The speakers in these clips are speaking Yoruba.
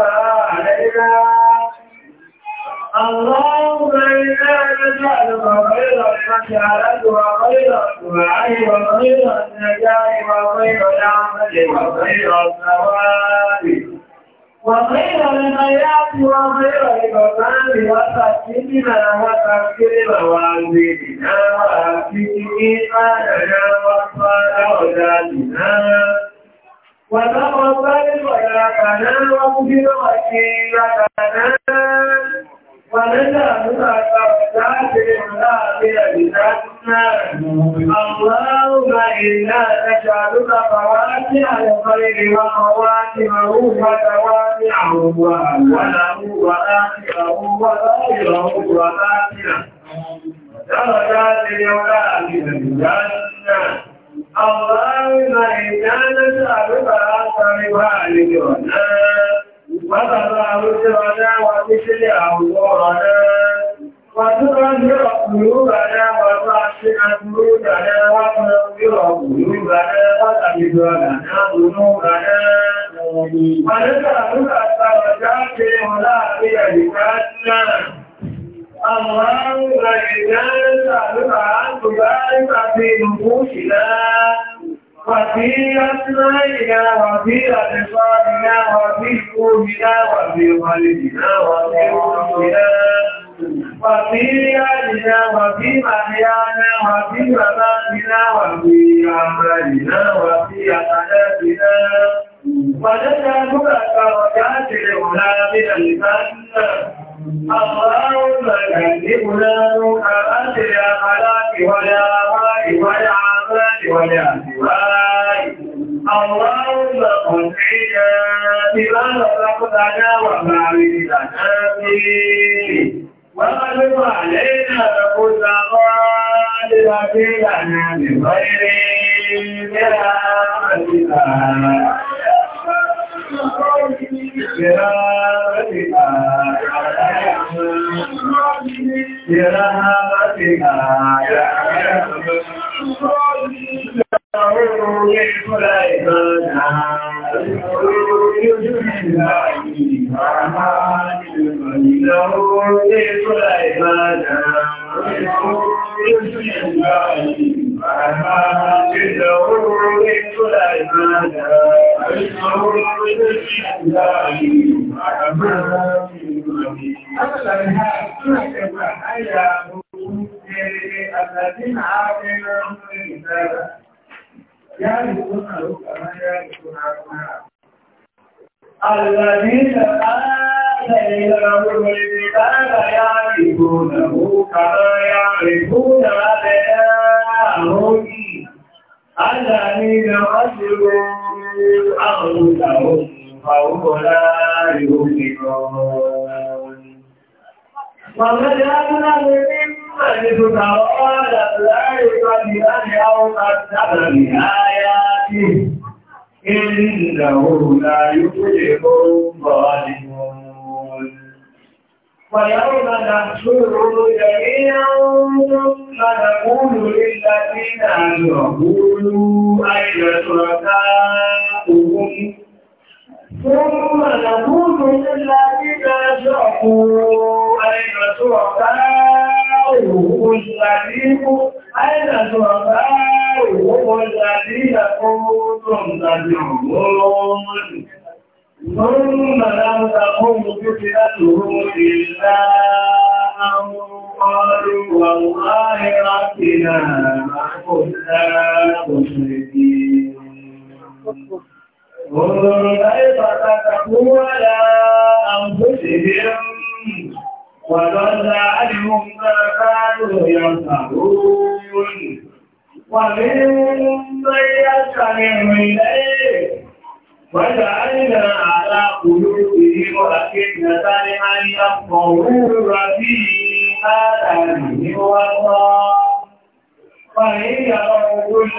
علينا اللهم إنا نجعلك خير المشاعر وخير الدعاء وخير النجاة وخير العمل وخير الثواب وخير الحياة وخير البنان وتسليمنا وتذكرنا وعزيزنا وأكيد إيماننا وصلاة أولادنا وتقبل صلاتنا واغفر وسيلتنا ونجعلها كفتات العافية بذاتنا اللهم إنا نجعلك فواتح الخير وخواتمه وتوابعه وأوله وآخره وظاهره وآخره درجات الأولاد بالجنة اللهم إنا نسألك أن بحالك ونا وتضع وزرنا وتشل أمورنا وتغفر قلوبنا وتعشق قلوبنا وتنور قلوبنا وتبدلنا ذنوبنا ونسألك الدرجات العلى في ذكرنا اللهم إذا سألك أن تبارك في نفوسنا وفي أسمائنا وفي أبصارنا وفي قلوبنا وفي قلبنا وفي قلوبنا وفي أهلنا وفي محيانا وفي مماتنا وفي أعمالنا وفي أخلاقنا ونسألك درجات الأولى من الجنة اللهم جنبنا مكرات الأخلاق والآباء والعذاب والأهواء اللهم قنعنا بما رزقتنا وما رزقنا فيه واغلب علينا كل غالب لنا بخير برحمتك يا Àdàmìnà wá sí oòrùn àwọn òṣàwọ̀ àwòkọ̀lá ìròyìnkan. Màmọ́dé lágbàláwé ní mọ̀ ní tó tàwọn ọ̀dà láàrin ìpàdé láti àwọn àtàbàmì àyà tí ìrìnlẹ̀ òun láàrin ó lè mọ́ ويوم نحشره جميعا فنقول للذين أشركوا أين شركاؤهم ثم نقول للذين أشركوا أين شركاؤهم الذين أين شركاؤهم الذين كنتم تدعون ثم لم تقوم فتنتهم إلا أن قالوا والله ربنا ما كنا مشركين انظر كيف كتبوا على أنفسهم وضل عنهم ما كانوا يمتعون ومنهم من يستمع إليك وجعلنا على قلوبهم أكنة أن يفقهوه وفي آذانهم وقرا وإن يروا كل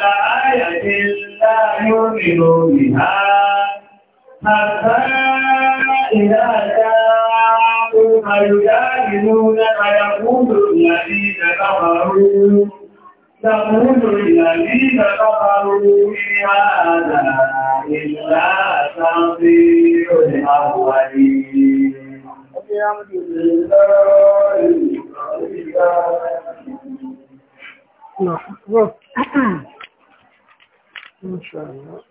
آية لا يؤمنوا بها حتى إذا جاءوا يجادلونك يقول الذين كفروا تقول الذين كفروا إن هذا إلا تنظير الأولين ما شاء الله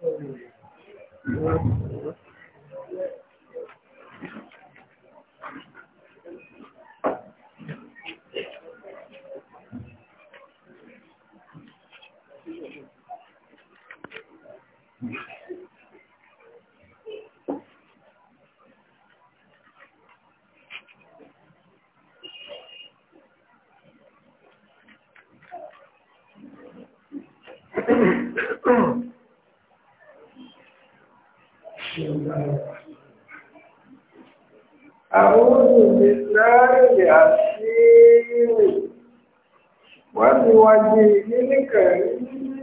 بالله العسير وبوجهه الكريم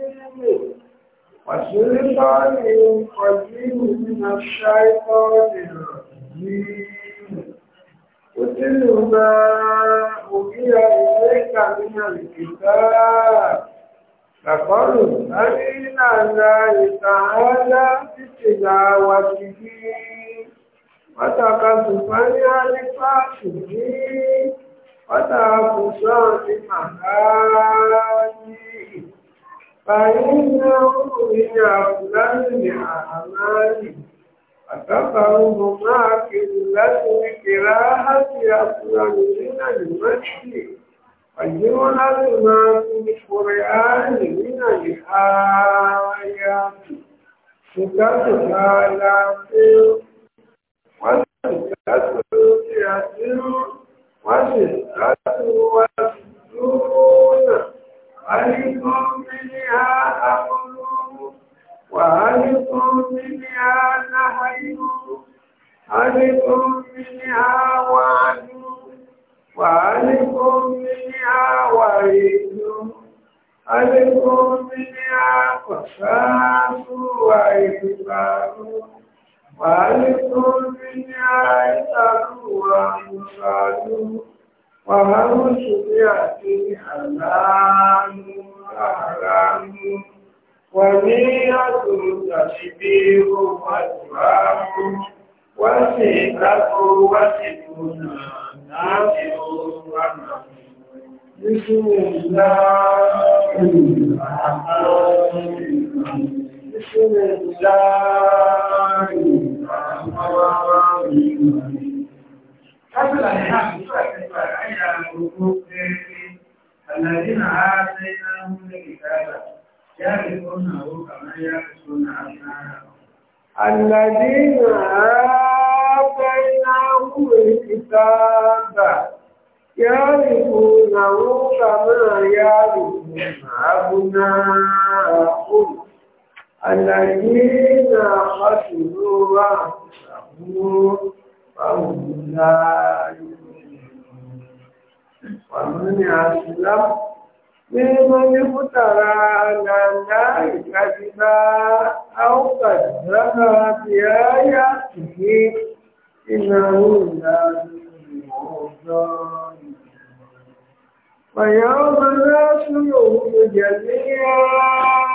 وسلطان قدير من الشيطان الرجيم قتل ما أوحي إليك من الكتاب فقالوا أمين الله تعالى بتلاوته Pátákà tùfá ní Alifáàfù ní pátákù sọ́ọ̀ ní Màkáàní. Bàyí ní ọkùnrin àbúláyìn ní àmàlì. Àtàkàrù mọ̀ máa kiri láti ní kìrá láti àbúláyìn nínú àdìmọ́sí. Àjíwọ́n láti máa fi kùrẹ̀ aawa rụna adịọ miri aahụrụụ gwaadịọ ii anahahụ adịọ mii awa anụ gwa adịpọ mii awa do adịpọ mii akwa aa hụ وألقوا الدنيا يسألوا وأنصاروا ومن شبعت حلال وحرام ونية تشبيه وأسباب وثيقة وثقنا نافع بسم الله الرحمن الرحيم بسم الله قبل أن أن الحقوق الذين آتيناهم الكتاب يرثونه كما يرثون أبناءهم الذين آتيناهم الكتاب يرثونه كما يرثون أبناءهم الذين خسروا أنفسهم كفور فهم لا يؤمنون ومن أسلم ممن افترى على النار كذبا أو كذب بآياته إنه لا يؤمنون ويوم نسلوه جميعا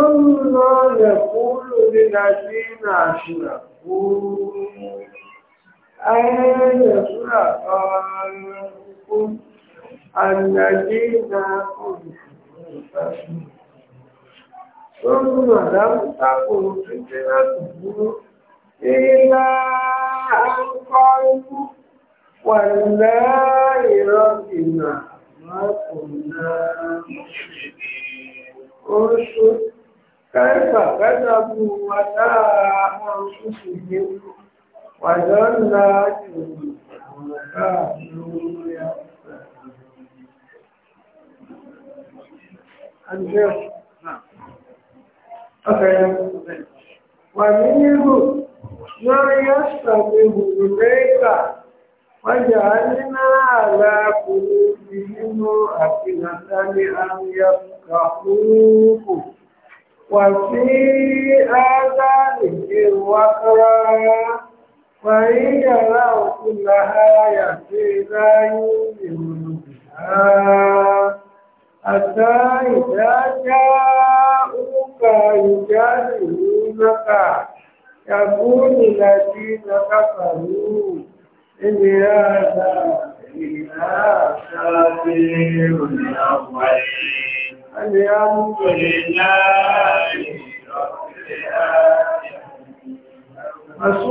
ọmụnanụurụdịadi tụ ụ na ukọakụọ aadia ụọnaa akụkọ ụitenaaụụ i naakụkọ ụ kwaliteayịradị na ampụ naaụotụ كيف كذبوا وساء أنفسهم وذل عنهم وكانوا يحسنون ومنه ما يشتبه إليك وجعلنا على قلوبهم أكنة أن يفقهوه وفي آذانهم وقرا وإن يروا كل آية لا يؤمنوا بها حتى إذا جاءوك يجادلونك يقول الذين كفروا إن هذا إلا ساطير الأولين الحمد لله رب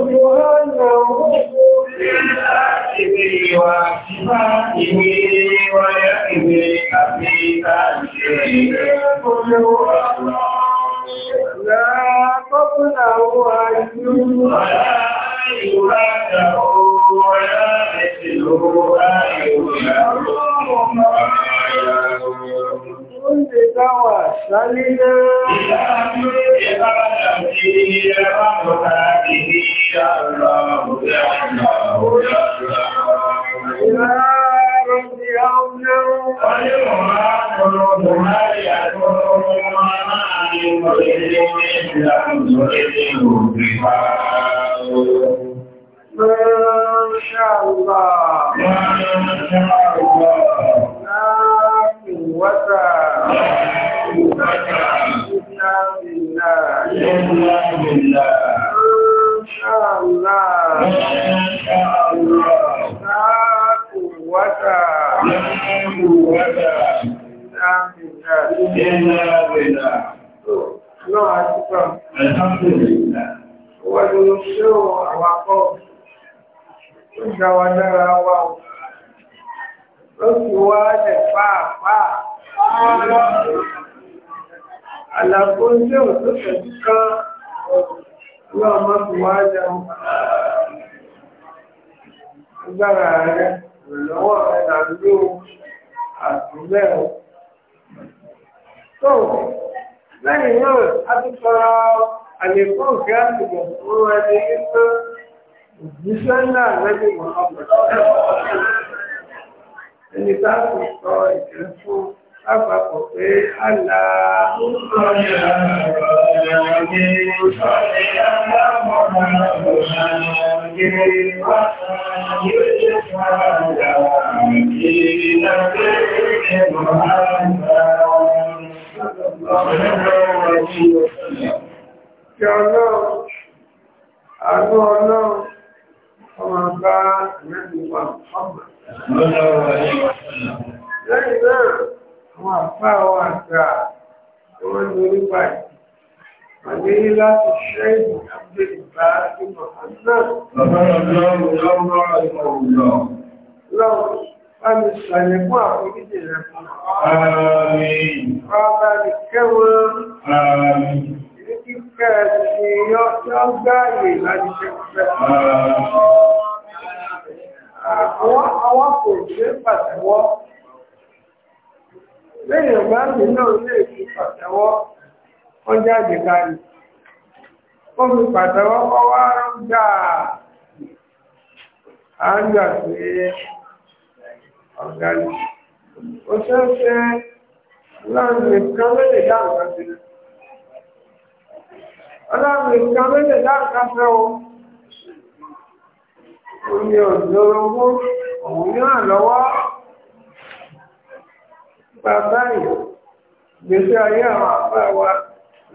العالمين بالله وصفاته ويأذي أبيك الشيء لا تطلعوا أيها أيها ولا مثله أيها oúnjẹ táwà sálé náà. Masha Allah. Masha Allah wata inna billah Allah la quwwata illa billah Lọ́wọ́ àti pọ̀. Alhamdulillah. Wọ́n ló ṣe àwọn akọ́ ìdáwà dára wà ó sì wá lẹ̀ pàápàá Àlàfo ilé ọ̀tọ́ tẹ̀lú ká lọ́wọ́ máa fi wá jẹun. Agbára rẹ̀ lọ́wọ́ rẹ̀ làlú àtúnbẹ̀rẹ̀. Tó lẹ́yìn náà, a ti tọrọ àlèkọ́ òkè àtìgbà fún ẹni pé òjíṣẹ́ ńlá lẹ́gbẹ̀ẹ́ Ẹni tá a kò sọ ìkẹ́ fún àpapọ̀ pé ọlọ́run, ọmọ bá mẹ́rin wà ọmọ. Ọlọ́run, àwọn àfáà wa àgbà tí wọ́n ní orípa ẹ̀. Àdé láti ṣẹ́ ìlú abúlé ìgbà àti Mọ̀hánà. Lọ́wọ́ Bámi ṣàlékún àforíjì rẹ̀ fún ọ. Àmín. Bàbá mi kẹ́wọ́n. Àmín. Ní kíkẹ́ ti yọ́ tí ó gbáyè láti ṣe fẹ́. Àmín. Àwọn kò ṣe pàtẹ́wọ́. lẹ́yìn ọ̀gbá náà lè fi pàtẹ́wọ́ wọ́n jáde kárí ó fi pàtẹ́wọ́ kọ́ wá ń gbà á ń gbà pé ó ṣe ṣe láàrin nǹkan fẹ́ o bàbá gbèsè ayé àwọn àbá wa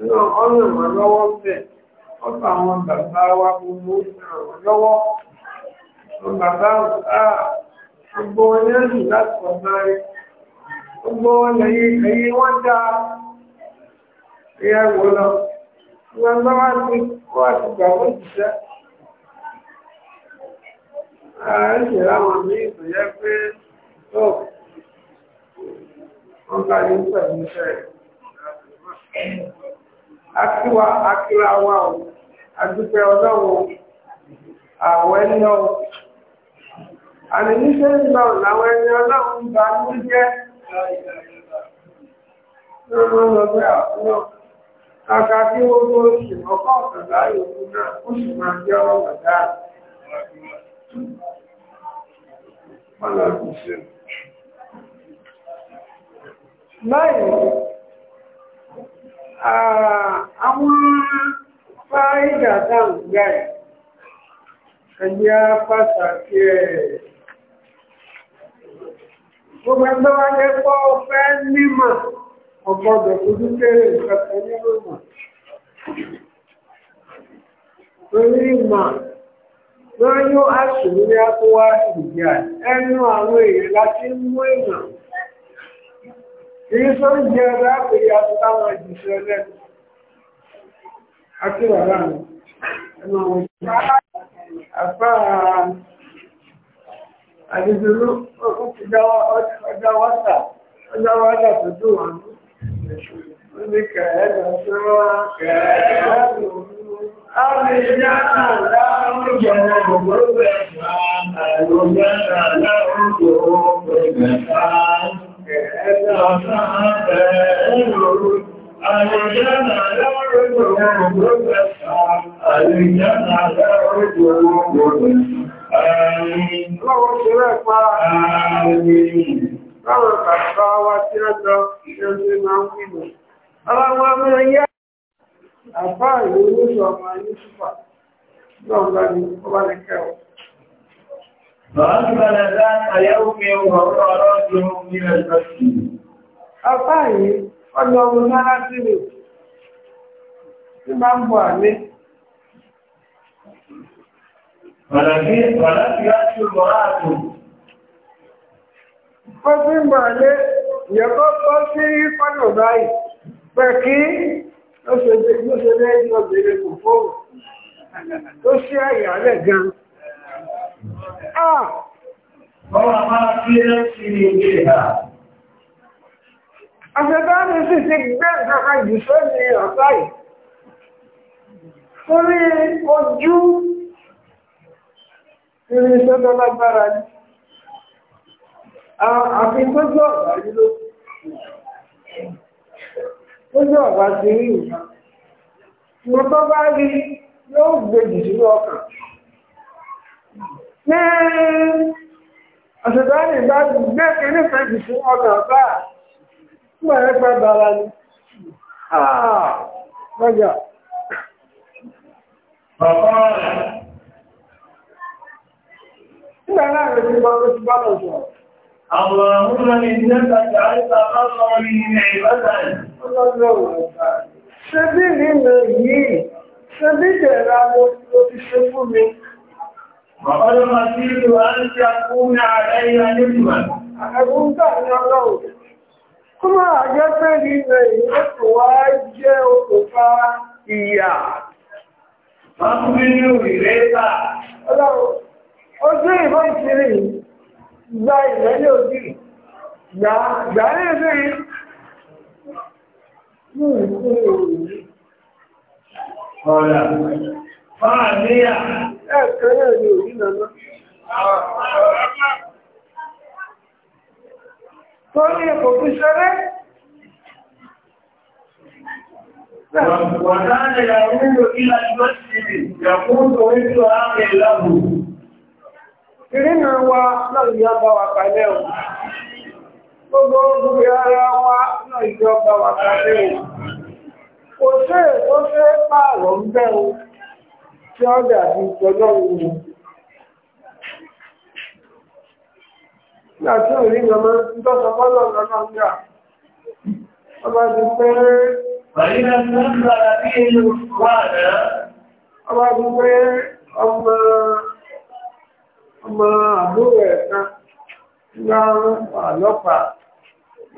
náà ọ̀nà wọn lọ́wọ́ bẹ̀ ọ̀pọ̀ àwọn bàbá wa gbogbo ràn wọ́n bàbá gbogbo láti rẹ̀ gbogbo Akíwa akíra wa o, àdúpẹ́ ọlọ́run àwọ̀ ẹni ọ̀. Àní níṣẹ́ ìgbà làwọn ẹni ọlọ́run bá ní jẹ́. Lọ́wọ́ lọ́gbẹ́ àwọn kàkà kí ó tó ṣì ọkọ̀ ọ̀kàlá ìlú náà, ó sì máa jẹ́ ọ̀rọ̀ dáa. Wọ́n lọ ṣe báyìí àwọn fáìdà dáǹgá ẹ̀ ẹ̀yà pàtàkì ẹ̀ gbogbo ẹgbẹ́ wá jẹ́ pọ́ fẹ́ nímọ̀ ọgbọ́dọ̀ ojú kéré ìfẹ́fẹ́ nínú ìmọ̀ torí ìmọ̀ lóyún àṣìlú ní akówá ìgbà ẹnu àwọn èèyàn láti mú ìmọ̀ Kìí sọ ń jẹ láàpẹ̀rẹ̀ àtúntàwọn ìjìṣẹ́ lẹ́nu. Àti wà láàrin. Ẹnu àwọn ìjọba àfá àdìsúrú ó ti dá wátà, ó dá wátà tó tó wà ní. Ó ní kẹ̀ẹ́dà tó wá kẹ̀ẹ́dà tó Àwọn ìjọba àlárùn-ún Àbá ìwé oúnjẹ ọmọ ayé ṣùgbà, lọ́nà ni ọba lè kẹwàá. فأقبل ذات يوم وهو راجع من المسجد أفاي فلو نعزل إمام بوالي ولكن ولم يأتي المرأة فسن بوالي يقول فسن فلو باي فكي ló ṣe lé ní ọ̀bẹ̀rẹ̀ kò fóòrùn tó ṣe àyà rẹ̀ gan-an Ah. Àṣẹ̀tọ́nù sì ti gbé ìjọba ìjìṣẹ́ ní ọ̀tá yìí. Torí ojú irinṣẹ́ tó lágbára ní. Ah, àfi tó jọ ọ̀gá yìí ló. Tó jọ ọ̀gá sí rí ìgbà. Mo tó bá rí yóò gbé jù sí ọkàn ní àṣẹ̀dáni ìgbà gbé kìíní fèjì fún ọ̀nà bá mẹ́rin pẹ́ bára ní ààrẹ́gbà Ìgbà láàrin ti bá ló ti bá lọ sọ. Àwọn ọmọ ìjẹta jàríta bá lọ rí ilẹ̀ ìbátàrí. Ọlọ́dọ̀ bí ní ìlú yìí, ṣe bí jẹ̀rà mo ti ṣe fún mi, Bàbáyé máa tí ìlú a ń ṣe àkúnmí àlẹ́yìn anìmọ̀. Àgbùn gbà ní ọlọ́run. Kó máa jẹ́ pé ilẹ̀ ìrẹ́kù wá jẹ́ okùnfà ìyà. Máa kú bí ní ìrẹ́ta. Ọlọ́run, ó jẹ́ ìbọn ìṣirí ẹ̀ẹ̀kan Ìrìnà wa náà ìyá bá wà kalẹ̀ o. Gbogbo gbogbo ara wa náà ìjọba wà kalẹ̀ o. Kò sí èkó fẹ́ pààrọ̀ ń bẹ́ o. tí ó dàbí tọ́lọ́run ni láti orí ọmọ ìtọ́sọ pọ́lọ̀ lọ́nà ọjọ́ ọba ti pé ti pé ọmọ ọlọ́pàá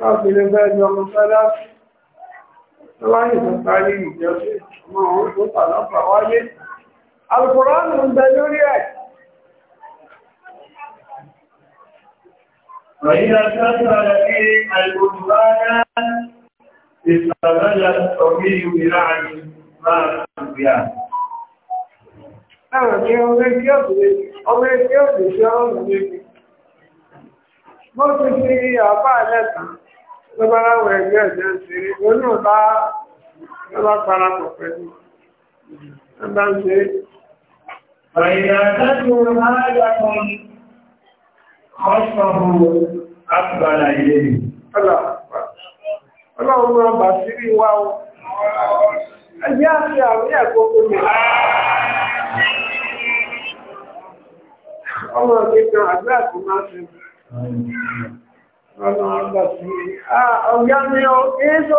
láti lè bẹ́ẹ̀ ni ọmọ fẹ́lá ọmọ òun tó wáyé alukùránù ń bẹ lórí ẹ̀ وإذا كثر في البطلان استغل الصبي بلعن ما سبيان Àwọn ni ọmọ ẹgbẹ́ ọ̀sẹ̀ ọmọ ẹgbẹ́ ọ̀sẹ̀ ṣe ọmọ ẹgbẹ́. Mọ́ ti fi àbá ẹ̀lẹ́ta ló bá láwọn ẹgbẹ́ ọ̀sẹ̀ ṣe rí, onú bá parapọ̀ bá فإذا تتوا حاجكم خصه أقبل إليه Ọlọ́run máa bà sí rí wá o. Ẹjẹ́ àti àwọn ẹ̀kọ́ tó lè. Ọmọ ìgbẹ̀kan àgbẹ́ àti máa ṣe. Ọlọ́run bà sí rí. Ah, ọ̀gá mi ò kí ń sọ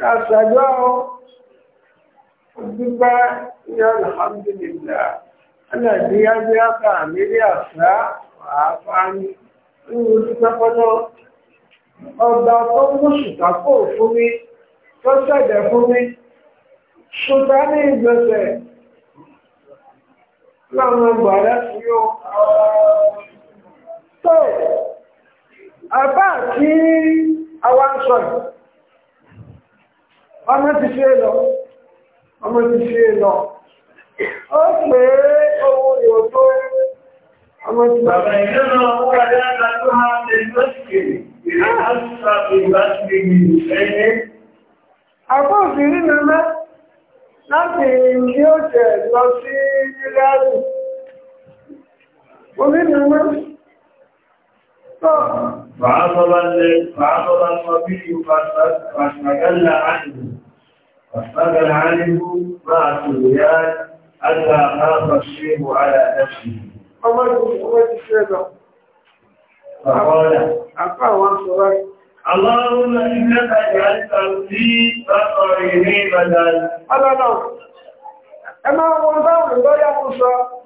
ká ṣàjọ́ dúpẹ́ ní alhamdulilá aláàdíyájú àpá àmìlí àṣà àfáàní nínú dúpẹ́ pọ́nà ọba tó mú ṣùtàkó fún mi tó ṣẹ̀dẹ̀ fún mi ṣùtà ní ìgbẹ̀sẹ̀ láwọn gbàrẹ́ sí ó tó àbá kí àwọn sọ̀rọ̀ ọmọ ti ṣe lọ ọmọ ti ṣe lọ ó pé owó yóò tó ọmọ ti lọ. bàbá ìlú náà wọ́n wà dáadáa tó máa ń lè lọ́sìkè ìrìnàṣà ìgbàsílẹ̀ ẹ̀yẹ. àbọ̀ òfin nínú láti ilé òṣẹ̀ lọ sí ilé àrùn. omi nínú náà. فعصب فعصب الصبي فاشتغل عنه فاشتغل عنه مع سريان حتى خاف الشيب على نفسه. فقال اللهم انك جعلت في بصري هيبه. الله لا. أما أقول لهم يا موسى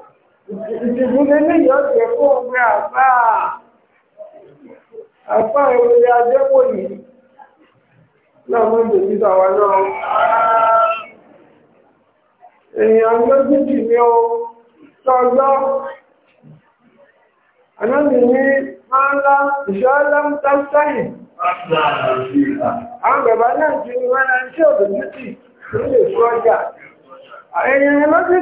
ìdìbò ní yóò a. kó gbé àpá ìwòye ajẹ́kò náà mọ́ ìdè títà náà èèyàn méjìdì ni ó tọ́gbọ́ anáàmì ní máa ìṣọ́lá ń tán sáyìn àwọn bàbá náà ní wọ́n náà ní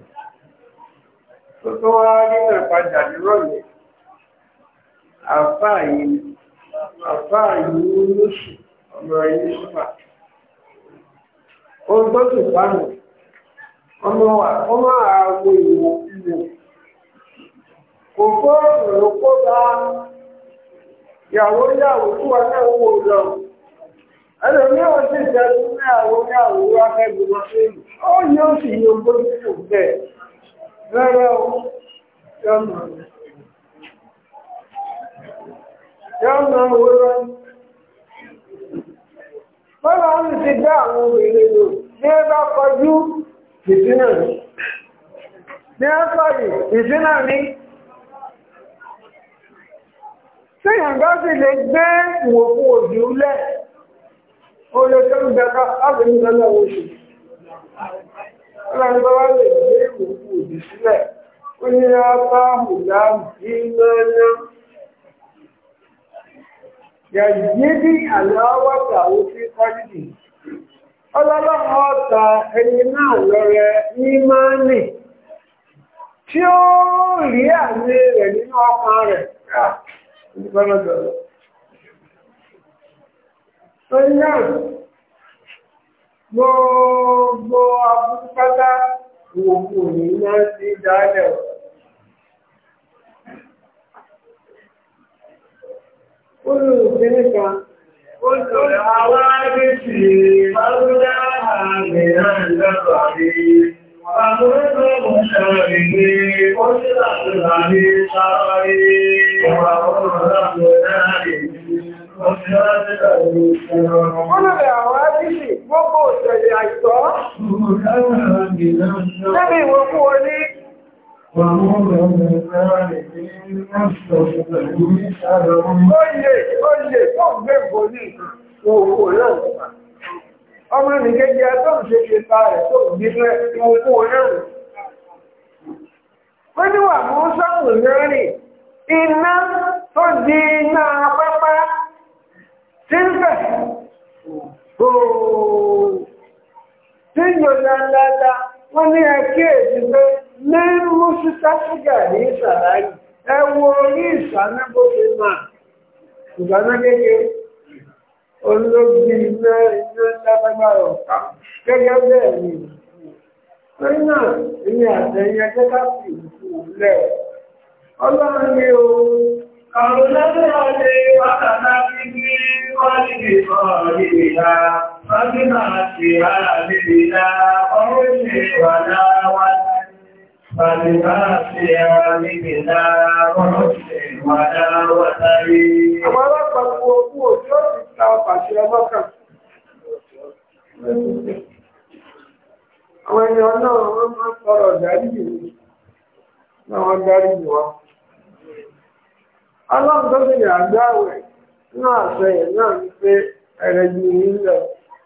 tó tó wá nínú ìpadà nírọ̀lẹ́ àfáà àfáà yìí lóṣù ọmọ ẹni súpà ohun tó sì ọmọ àwọn ìwò ìwò kò fóònù ló kó bá yàwó yàwó lọ ní àwọn yàwó ó sì tó bẹ́ẹ̀. rárá o yọ̀nà yọ̀nà òwúrọ̀ bọ́lá ń ti dá àwọn obìnrin lò ní ẹ bá kọjú ìsínà ní ẹ sọ̀rọ̀ ìsínà ní Téèyàn bá sì lè gbé ìwòkú òjò lẹ̀, ó lè tó ń gbẹ́ta, á lè ń gbẹ́ta oṣù. ọlọ́run bá wá lè gbé onye òdì sílẹ̀ ó ní abáhù láàbí lọ́nà ala àláwọ̀tà òfin kọ́dìdì ẹni náà lọ́rẹ ní tí ó rí àmì rẹ nínú ọkàn rẹ ká ìdíkọ́lọ́dọ̀ lọ. gbogbo abúkátá òkú ní iná sí dálẹ̀ olùsíníkà Àwọn agbèsì Fáwúdá àmì náà lọ́pàá rí. Àwọn ọmọ ọmọ ìgbé, ó sí láti rà ní sáwá rí. Àwọn ọmọ ọmọ náà rí. Ó sí láti rà ní sáwá rí. Wọ́n lọ́pàá àwọn agbèsì gbogbo Lẹ́bí ìwò fún o ní Oye, oye, tó ń gbé kò ní òkò náà. Ọmọ nìkejì ẹ tó ń ṣe ṣe ta rẹ̀ tó ń gbígbẹ́ ìwò fún o náà. Wọ́n ní wà mú sáàmù náà rìn, iná tó di iná pápá, tí ń bẹ̀. Oòrùn. tí ìjọba ńláńlá wọ́n ní ẹkẹ́ èsì pé mẹ́rún sítáṣígà ní ìsàlàyé ẹwọ orí ìsàná máa iná gẹ́gẹ́ bẹ́ẹ̀ ni ní wọ́n ní ìrìnà فبما فيها بلا قول wà ود فبما فيها بلا قول ولا وتري Àwọn ẹni ọlọ́run wọ́n máa ń sọ̀rọ̀ ìdáríjì náà wọ́n dáríjì wá. Ọlọ́run tó àgbáwẹ̀ náà sẹ́yẹ̀ náà ń pé ẹ̀rẹ̀ jù nílẹ̀.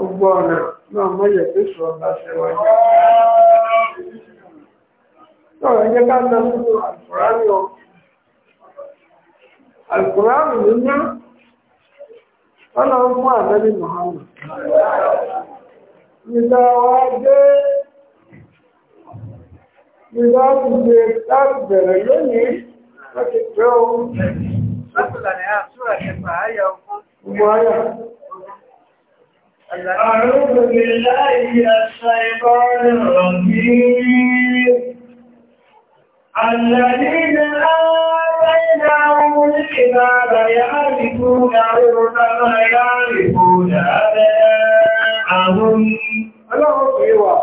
gbogbo ọ̀nà náà mọ́yẹ̀ tó sọ ọ̀nà ṣẹwájú. Sọ̀rọ̀ ahụ láti bẹ̀rẹ̀ lónìí láti pẹ́ ohun. Sọ́kùnlá ni a súrà kẹfà áyà ọkùn. أعوذ بالله من الشيطان الرجيم الذين آتيناهم الكتاب يعرفونه كما يعرفون أبناءهم Ọlọ́run fi wà,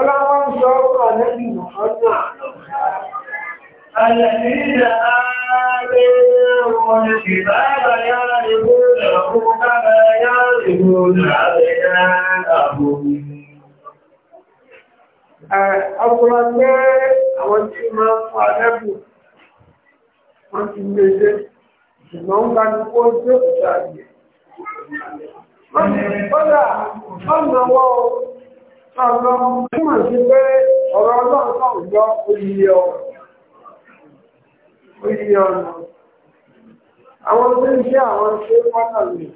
ọlọ́run sọ́kọ̀ lẹ́bí Mùhánà الذين آمنوا الكتاب يعرفونه كما يعرفون أبناءهم Ọkùnrin pé àwọn tí máa ń fa lẹ́bù wọ́n ti méje, ṣùgbọ́n ń bá ní kó jẹ́ òṣà yìí. Kọ́dà, ọ̀nà wọ́n ọ̀nà mọ̀ sí pé ọ̀rọ̀ ọlọ́run náà yọ oyè ọ̀rọ̀ mílíọ̀nù àwọn tó ń ṣe àwọn ṣe pátàlì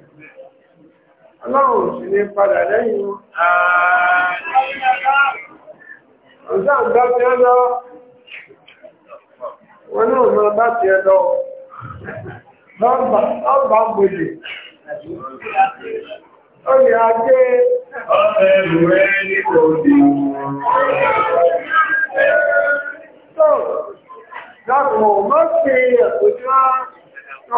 ọlọ́run sì ní padà lẹ́yìn wọn. ọ̀sán bá ti ẹ lọ wọn náà máa bá ti ẹ lọ lọ́ba gbòdì ó lè ajé ọ̀rẹ́ rẹ̀ ní kò dì. Dákùn ọmọ ń tẹ̀ yọ́ ọ̀sọ̀jẹ̀.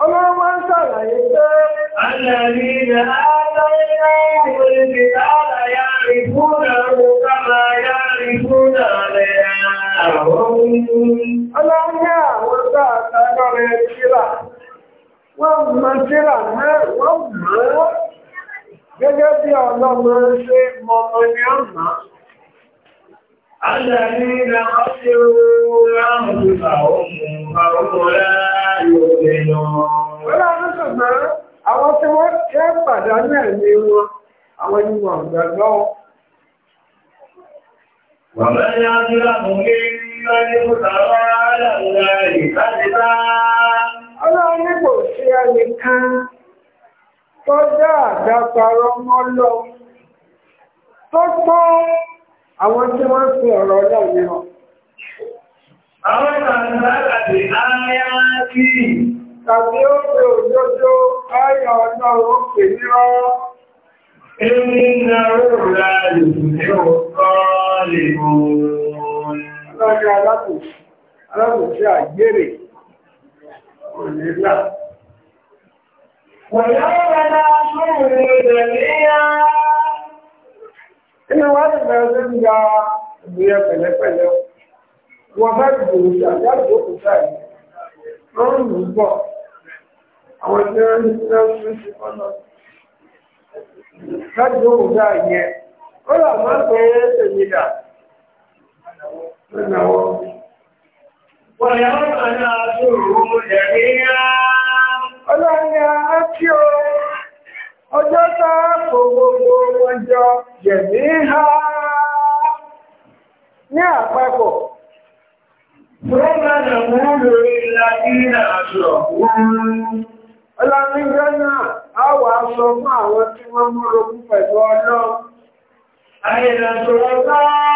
Ọlọ́run máa ń wọ́n mọ síra náà wọ́n mọ́ gẹ́gẹ́ bí ọlọ́mọ ṣe mọmọ ni a mọ́ Adàní ìlà ọ́sẹ̀ oòrùn láàrín ìgbà ọkùnrin àwọn ọmọ láàrín òkè náà. Wọ́n láàrín ṣùgbọ́n àwọn tí wọ́n kẹ́ pàdánù ẹ̀mí wọn, àwọn ẹni wọn gbàgbọ́. Wàmẹ́ ni a dúrà mú ní ìrìnlẹ́ ọlọ́run ní kò sí ẹnìkan tó dá àdáparọ́ mọ́ lọ tó tọ́ àwọn tí wọ́n fi ọ̀rọ̀ lọ́wọ́ lọ. Àwọn ìrànlá àti ààyá sí tàbí ó pè òjòjò ayọ̀ ọlọ́run pè ní ọ́. ويوم àwọn tí wọ́n ń lọ ọlọ́ni ara tí ó ọjọ́ táa kò gbogbo wọn jọ jẹ̀mí ha ní àpapọ̀. Rọ́bàdà mú lórí ìlàdínà àṣọ. Ọlọ́rin Ọlọ́ni náà, a wà sọ fún àwọn tí wọ́n mú rogún pẹ̀lú ọlọ́. Àìrìnàṣò ọlọ́